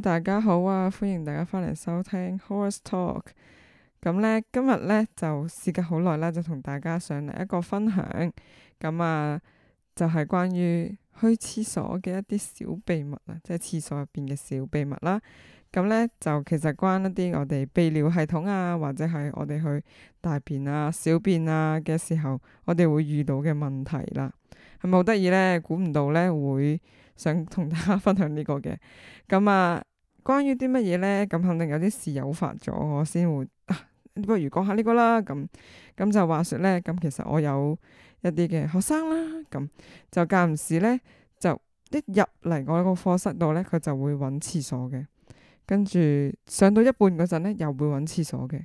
大家好啊，歡迎大家翻嚟收聽 Horis Talk。咁咧，今日咧就時隔好耐啦，就同大家上嚟一個分享。咁啊，就係、是、關於去廁所嘅一啲小秘密啊，即、就、係、是、廁所入邊嘅小秘密啦。咁咧就其實關一啲我哋泌尿系統啊，或者係我哋去大便啊、小便啊嘅時候，我哋會遇到嘅問題啦。係咪好得意咧？估唔到咧會想同大家分享呢、這個嘅。咁啊～關於啲乜嘢咧？咁肯定有啲事誘發咗我先會啊，不如講下呢個啦。咁咁就話說咧，咁其實我有一啲嘅學生啦，咁就間唔時咧，就一入嚟我個課室度咧，佢就會揾廁所嘅，跟住上到一半嗰陣咧，又會揾廁所嘅，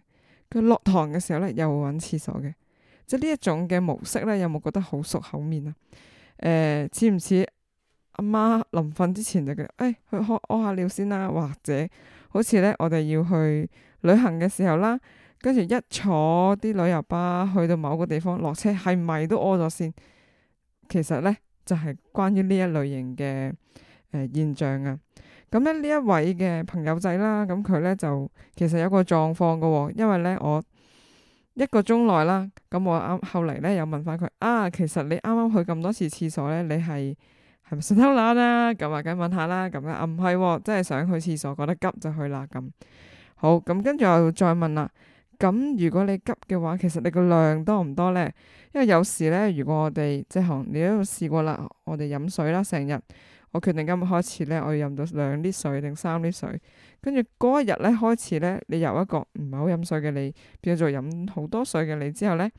佢落堂嘅時候咧，又會揾廁所嘅，即係呢一種嘅模式咧，有冇覺得好熟口面啊？誒、呃，似唔似？阿媽臨瞓之前就叫，誒、哎，去屙下尿先啦。或者好似咧，我哋要去旅行嘅時候啦，跟住一坐啲旅遊巴去到某個地方落車，係咪都屙咗先？其實咧就係、是、關於呢一類型嘅誒、呃、現象啊。咁咧呢一位嘅朋友仔啦，咁佢咧就其實有個狀況噶，因為咧我一個鐘內啦，咁我啱後嚟咧又問翻佢啊，其實你啱啱去咁多次廁所咧，你係？想偷懶啦，咁啊，咁問下啦，咁啊，唔係，真係想去廁所，覺得急就去啦，咁好，咁跟住我再問啦，咁、嗯、如果你急嘅話，其實你個量多唔多咧？因為有時咧，如果我哋即係行，你都試過啦，我哋飲水啦，成日我決定今日開始咧，我要飲到兩啲水定三啲水，跟住嗰一日咧開始咧，你由一個唔係好飲水嘅你，變咗做飲好多水嘅你之後咧。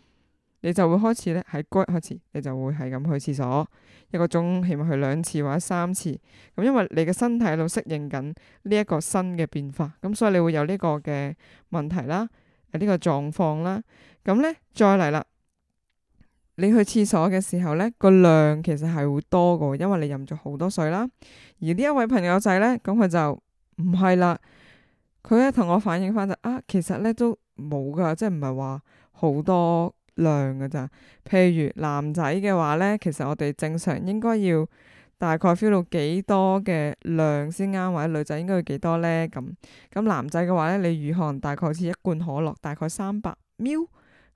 你就會開始咧，喺骨開始，你就會係咁去廁所，一個鐘，起碼去兩次或者三次。咁因為你嘅身體喺度適應緊呢一個新嘅變化，咁所以你會有呢個嘅問題啦，有呢個狀況啦。咁咧再嚟啦，你去廁所嘅時候咧，個量其實係會多嘅，因為你飲咗好多水啦。而呢一位朋友仔咧，咁佢就唔係啦，佢咧同我反映翻就，啊，其實咧都冇噶，即係唔係話好多，量噶咋？譬如男仔嘅話咧，其實我哋正常應該要大概 feel 到幾多嘅量先啱，或者女仔應該要幾多咧？咁咁男仔嘅話咧，你雨寒大概似一罐可樂，大概三百 ml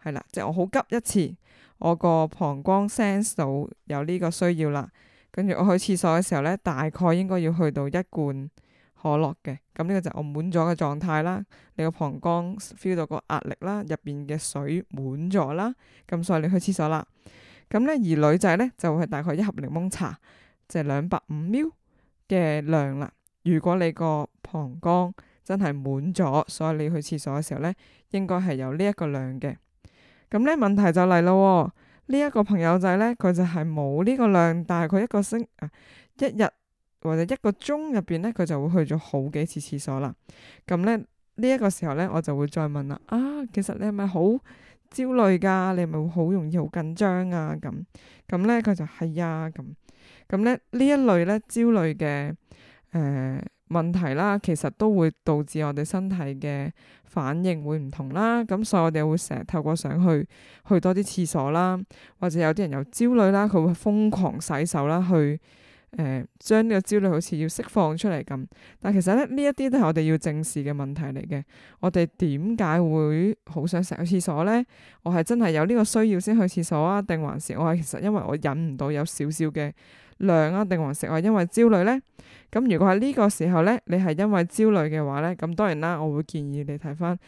係啦，即係、就是、我好急一次，我個膀胱 sense 到有呢個需要啦，跟住我去廁所嘅時候咧，大概應該要去到一罐。可樂嘅，咁、這、呢個就係我滿咗嘅狀態啦，你個膀胱 feel 到個壓力啦，入邊嘅水滿咗啦，咁所以你去厠所啦，咁咧，而女仔咧就係大概一盒檸檬茶，即係兩百五 ml 嘅量啦。如果你個膀胱真係滿咗，所以你去厠、就是、所嘅時候咧，應該係有呢一個量嘅。咁咧問題就嚟咯。哦、呢、這、一個朋友仔咧，佢就係冇呢個量，但係佢一個星、啊、一日或者一個鐘入邊咧，佢就會去咗好幾次廁所啦。咁咧呢一、個時候咧，我就會再問啦。啊，其實你係咪好焦慮噶？你係咪會好容易好緊張啊？咁咁咧佢就係呀咁。咁、嗯、咧呢一類咧焦慮嘅誒、呃、問題啦，其實都會導致我哋身體嘅反應會唔同啦。咁所以我哋會成日透過上去去多啲廁所啦，或者有啲人由焦慮啦，佢會瘋狂洗手啦去，誒、呃，將呢個焦慮好似要釋放出嚟咁，但其實咧呢一啲都係我哋要正視嘅問題嚟嘅。我哋點解會好想成日去廁所咧？我係真係有呢個需要先去廁所啊，定還是我係其實因為我忍唔到有少少嘅量啊，定還是我係因為焦慮咧？咁如果係呢個時候咧，你係因為焦慮嘅話咧，咁當然啦，我會建議你睇翻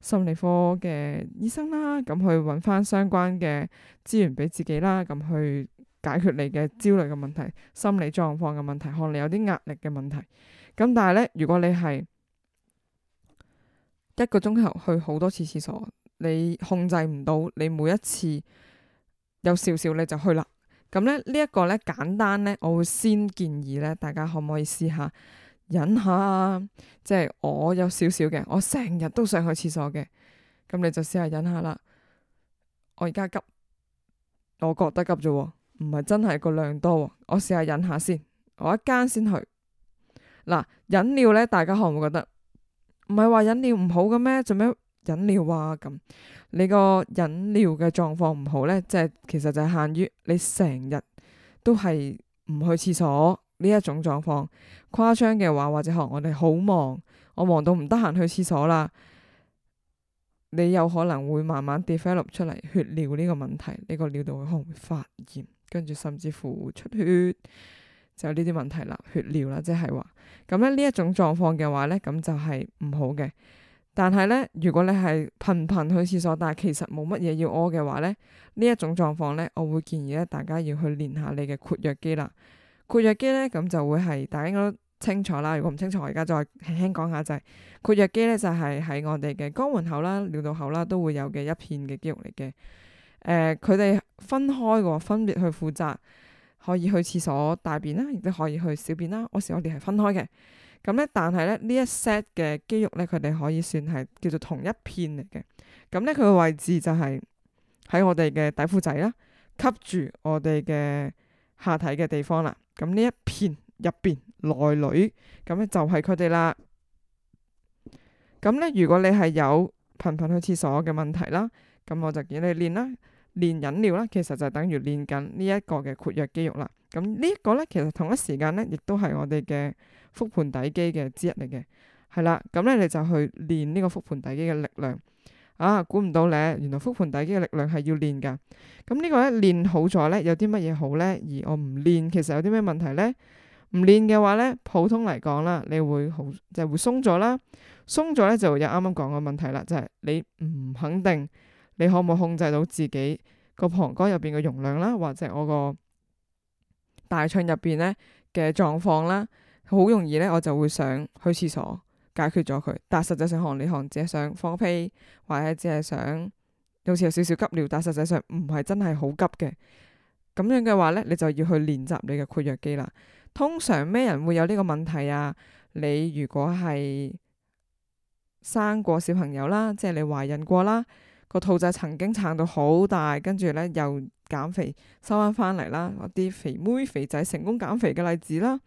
心理科嘅醫生啦，咁去搵翻相關嘅資源俾自己啦，咁去。解決你嘅焦慮嘅問題、心理狀況嘅問題、可能你有啲壓力嘅問題。咁但係咧，如果你係一個鐘頭去好多次廁所，你控制唔到，你每一次有少少你就去啦。咁咧呢一個咧簡單咧，我會先建議咧，大家可唔可以試下忍下？即係我有少少嘅，我成日都想去廁所嘅。咁你就試下忍下啦。我而家急，我覺得急啫喎。唔係真係個量多哦，我試下忍下先，我一間先去。嗱，飲料咧，大家可唔會覺得唔係話飲料唔好嘅咩？做咩飲料啊？咁你個飲料嘅狀況唔好咧，即係其實就係限於你成日都係唔去廁所呢一種狀況。誇張嘅話，或者可能我哋好忙，我忙到唔得閒去廁所啦，你有可能會慢慢 develop 出嚟血尿呢個問題，呢個尿道會可唔會發炎。跟住甚至乎出血，就呢啲問題啦，血尿啦，即係話咁咧呢一種狀況嘅話呢，咁就係唔好嘅。但係呢，如果你係頻頻去廁所，但係其實冇乜嘢要屙嘅話呢，呢一種狀況呢，我會建議咧大家要去練下你嘅括約肌啦。括約肌呢，咁就會係大家應該都清楚啦。如果唔清楚，而家再輕輕講下就係括約肌呢，就係、是、喺我哋嘅肛門口啦、尿道口啦都會有嘅一片嘅肌肉嚟嘅。誒，佢哋、呃、分開嘅，分別去負責，可以去廁所大便啦，亦都可以去小便啦。我時我哋係分開嘅，咁、嗯、咧，但係咧呢一 set 嘅肌肉咧，佢哋可以算係叫做同一片嚟嘅。咁、嗯、咧，佢嘅位置就係喺我哋嘅底褲仔啦，吸住我哋嘅下體嘅地方啦。咁、嗯、呢一片入邊內裏，咁、嗯、咧就係佢哋啦。咁、嗯、咧，如果你係有頻頻去廁所嘅問題啦，咁、嗯、我就建議你練啦。練飲料咧，其實就等於練緊呢一個嘅括約肌肉啦。咁、嗯這個、呢一個咧，其實同一時間咧，亦都係我哋嘅腹盆底肌嘅之一嚟嘅，係啦。咁咧，你就去練呢個腹盆底肌嘅力量。啊，估唔到咧，原來腹盆底肌嘅力量係要練噶。咁、嗯這個、呢個咧練好咗咧，有啲乜嘢好咧？而我唔練，其實有啲咩問題咧？唔練嘅話咧，普通嚟講啦，你會好就是、會鬆咗啦。鬆咗咧，就會有啱啱講嘅問題啦，就係你唔肯定。你可唔可以控制到自己個膀胱入邊嘅容量啦，或者我個大腸入邊咧嘅狀況啦？好容易咧，我就會想去廁所解決咗佢，但係實際上可能你只係想放個屁，或者只係想有時有少少急尿，但係實際上唔係真係好急嘅。咁樣嘅話咧，你就要去練習你嘅括約肌啦。通常咩人會有呢個問題啊？你如果係生過小朋友啦，即係你懷孕過啦。個肚仔曾經撐到好大，跟住咧又減肥收翻翻嚟啦。嗰啲肥妹、肥仔成功減肥嘅例子啦，誒、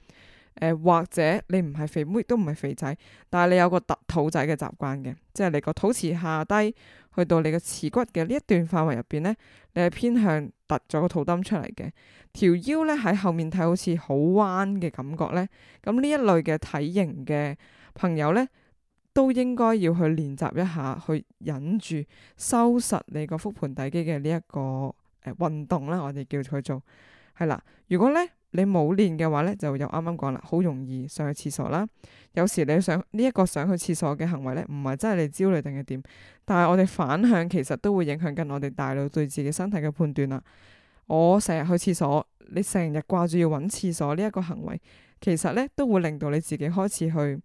呃、或者你唔係肥妹亦都唔係肥仔，但係你有個凸肚仔嘅習慣嘅，即係你個肚臍下低去到你個恥骨嘅呢一段範圍入邊咧，你係偏向凸咗個肚墩出嚟嘅，條腰咧喺後面睇好似好彎嘅感覺咧，咁呢一類嘅體型嘅朋友咧。都應該要去練習一下，去忍住、收拾你個腹盆底肌嘅呢一個誒、呃、運動啦。我哋叫佢做係啦。如果咧你冇練嘅話咧，就又啱啱講啦，好容易上去廁所啦。有時你上呢一個上去廁所嘅行為咧，唔係真係你焦慮定係點，但係我哋反向其實都會影響緊我哋大腦對自己身體嘅判斷啦。我成日去廁所，你成日掛住要搵廁所呢一個行為，其實咧都會令到你自己開始去。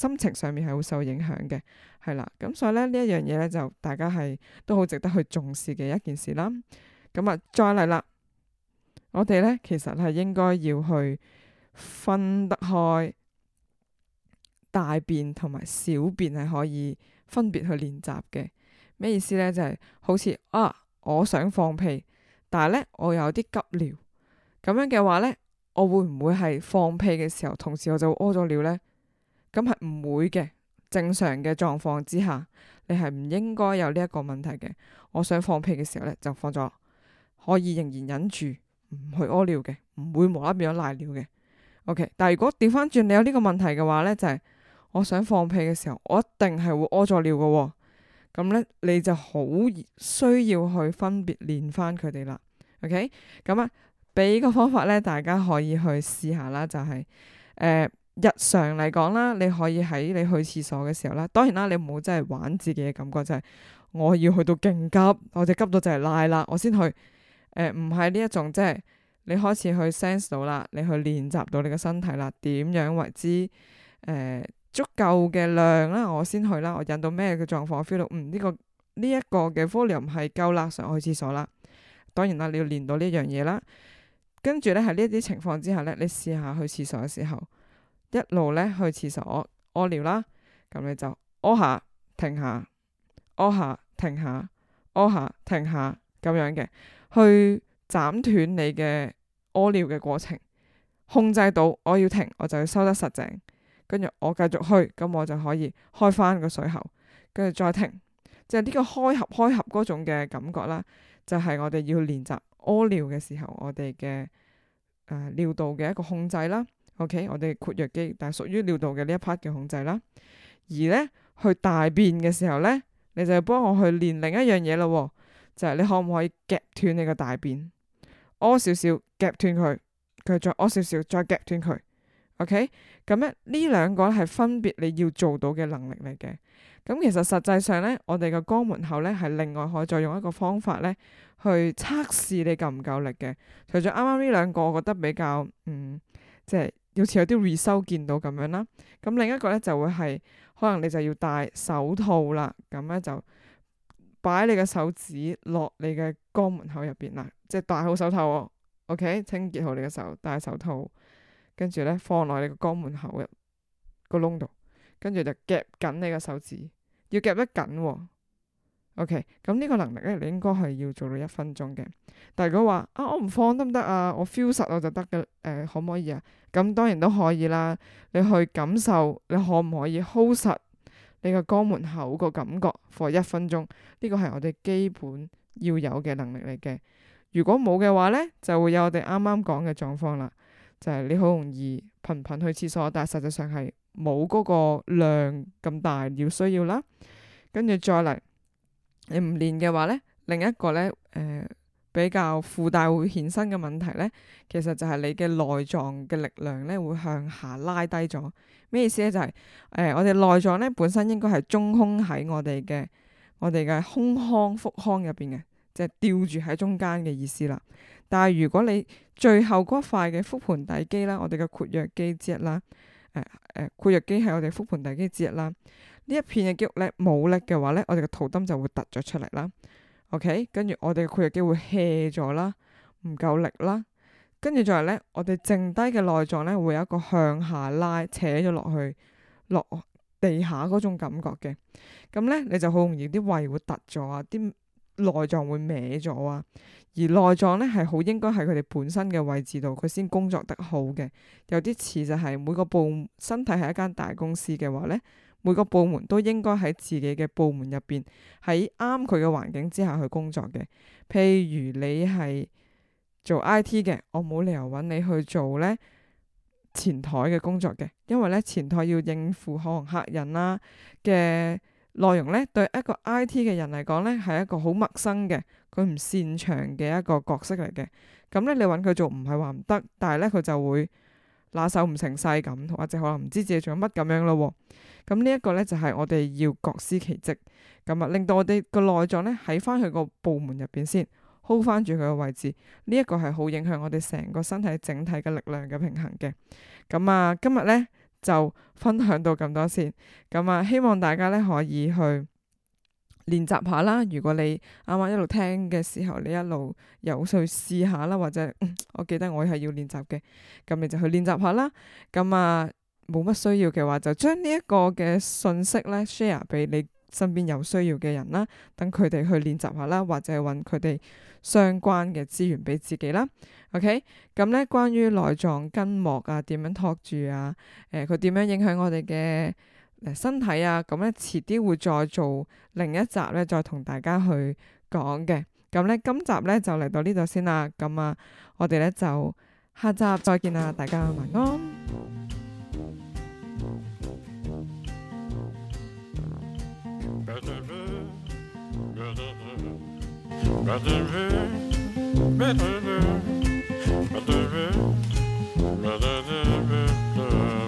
心情上面係好受影響嘅，係啦，咁所以咧呢一樣嘢咧，就大家係都好值得去重視嘅一件事啦。咁啊，再嚟啦，我哋咧其實係應該要去分得開大便同埋小便係可以分別去練習嘅。咩意思咧？就係、是、好似啊，我想放屁，但係咧我有啲急尿，咁樣嘅話咧，我會唔會係放屁嘅時候，同時我就屙咗尿咧？咁係唔會嘅，正常嘅狀況之下，你係唔應該有呢一個問題嘅。我想放屁嘅時候咧，就放咗，可以仍然忍住唔去屙尿嘅，唔會無啦啦變咗賴尿嘅。OK，但係如果調翻轉，你有呢個問題嘅話咧，就係我想放屁嘅時候，我一定係會屙咗尿㗎喎。咁咧，你就好需要去分別練翻佢哋啦。OK，咁啊，俾個方法咧，大家可以去試下啦，就係誒。呃日常嚟講啦，你可以喺你去廁所嘅時候啦。當然啦，你唔好真係玩自己嘅感覺，就係我要去到勁急，我就急到就係拉啦，我先去。誒、呃，唔係呢一種，即係你開始去 sense 到啦，你去練習到你嘅身體啦，點樣為之誒、呃、足夠嘅量啦，我先去啦。我引到咩嘅狀況，feel 到嗯，呢個呢一個嘅 volume 係夠啦，上去廁所啦。當然啦，你要練到呢樣嘢啦。跟住咧，喺呢啲情況之下咧，你試下去廁所嘅時候。一路咧去廁所屙尿啦，咁你就屙下停下，屙下停下，屙下停下，咁樣嘅去斬斷你嘅屙尿嘅過程，控制到我要停，我就要收得實淨，跟住我繼續去，咁我就可以開翻個水喉，跟住再停，即係呢個開合開合嗰種嘅感覺啦，就係、是、我哋要練習屙尿嘅時候我，我哋嘅誒尿道嘅一個控制啦。OK，我哋括約肌，但係屬於尿道嘅呢一 part 嘅控制啦。而咧去大便嘅時候咧，你就要幫我去練另一樣嘢咯、哦，就係、是、你可唔可以夾斷你個大便，屙少少夾斷佢，佢再屙少少再夾斷佢。OK，咁咧呢兩個係分別你要做到嘅能力嚟嘅。咁其實實際上咧，我哋個肛門口咧係另外可以再用一個方法咧去測試你夠唔夠力嘅。除咗啱啱呢兩個，我覺得比較嗯，即係。要有時有啲 result 見到咁樣啦，咁另一個咧就會係可能你就要戴手套啦，咁咧就擺你嘅手指落你嘅肛門口入邊啦，即係戴好手套哦，OK？清潔好你嘅手，戴手套，跟住咧放落你嘅肛門口入個窿度，跟住就夾緊你嘅手指，要夾得緊喎、哦。OK，咁呢個能力咧，你應該係要做到一分鐘嘅。但係如果話啊，我唔放得唔得啊？我 feel 實我就得嘅，誒可唔可以啊？咁當然都可以啦。你去感受，你可唔可以 hold 實你個肛門口個感覺，放一分鐘？呢、這個係我哋基本要有嘅能力嚟嘅。如果冇嘅話咧，就會有我哋啱啱講嘅狀況啦，就係、是、你好容易頻頻去廁所，但係實際上係冇嗰個量咁大要需要啦。跟住再嚟。你唔練嘅話咧，另一個咧，誒、呃，比較附帶會衍生嘅問題咧，其實就係你嘅內臟嘅力量咧，會向下拉低咗。咩意思咧？就係、是，誒、呃，我哋內臟咧本身應該係中空喺我哋嘅，我哋嘅胸腔、腹腔入邊嘅，即係吊住喺中間嘅意思啦。但係如果你最後嗰塊嘅腹盆底肌啦，我哋嘅括約肌之一啦，誒、呃、誒，括約肌係我哋腹盆底肌之一啦。呃呃呢一片嘅肌肉力冇力嘅話咧，我哋嘅肚墩就會凸咗出嚟啦。OK，跟住我哋嘅括約肌會卸咗啦，唔夠力啦。跟住再嚟咧，我哋剩低嘅內臟咧會有一個向下拉扯咗落去落地下嗰種感覺嘅。咁咧你就好容易啲胃會突咗啊，啲內臟會歪咗啊。而內臟咧係好應該係佢哋本身嘅位置度，佢先工作得好嘅。有啲似就係每個部身體係一間大公司嘅話咧。每個部門都應該喺自己嘅部門入邊，喺啱佢嘅環境之下去工作嘅。譬如你係做 IT 嘅，我冇理由揾你去做咧前台嘅工作嘅，因為咧前台要應付可能客人啦嘅內容咧，對一個 IT 嘅人嚟講咧係一個好陌生嘅，佢唔擅長嘅一個角色嚟嘅。咁咧你揾佢做唔係話唔得，但係咧佢就會。拿手唔成世咁，或者可能唔知自己做乜咁樣咯。咁呢一個咧就係我哋要各司其職。咁啊，令到我哋個內臟咧喺翻佢個部門入邊先，hold 翻住佢個位置。呢、這、一個係好影響我哋成個身體整體嘅力量嘅平衡嘅。咁啊，今日咧就分享到咁多先。咁啊，希望大家咧可以去。練習下啦，如果你啱啱一路聽嘅時候，你一路有去試下啦，或者、嗯、我記得我係要練習嘅，咁你就去練習下啦。咁啊，冇乜需要嘅話，就將呢一個嘅信息咧 share 俾你身邊有需要嘅人啦，等佢哋去練習下啦，或者揾佢哋相關嘅資源俾自己啦。OK，咁、嗯、咧關於內臟筋膜啊，點樣托住啊？誒、呃，佢點樣影響我哋嘅？身體啊，咁咧，遲啲會再做另一集咧，再同大家去講嘅。咁咧，今集咧就嚟到呢度先啦。咁啊，我哋咧就下集再見啦，大家晚安。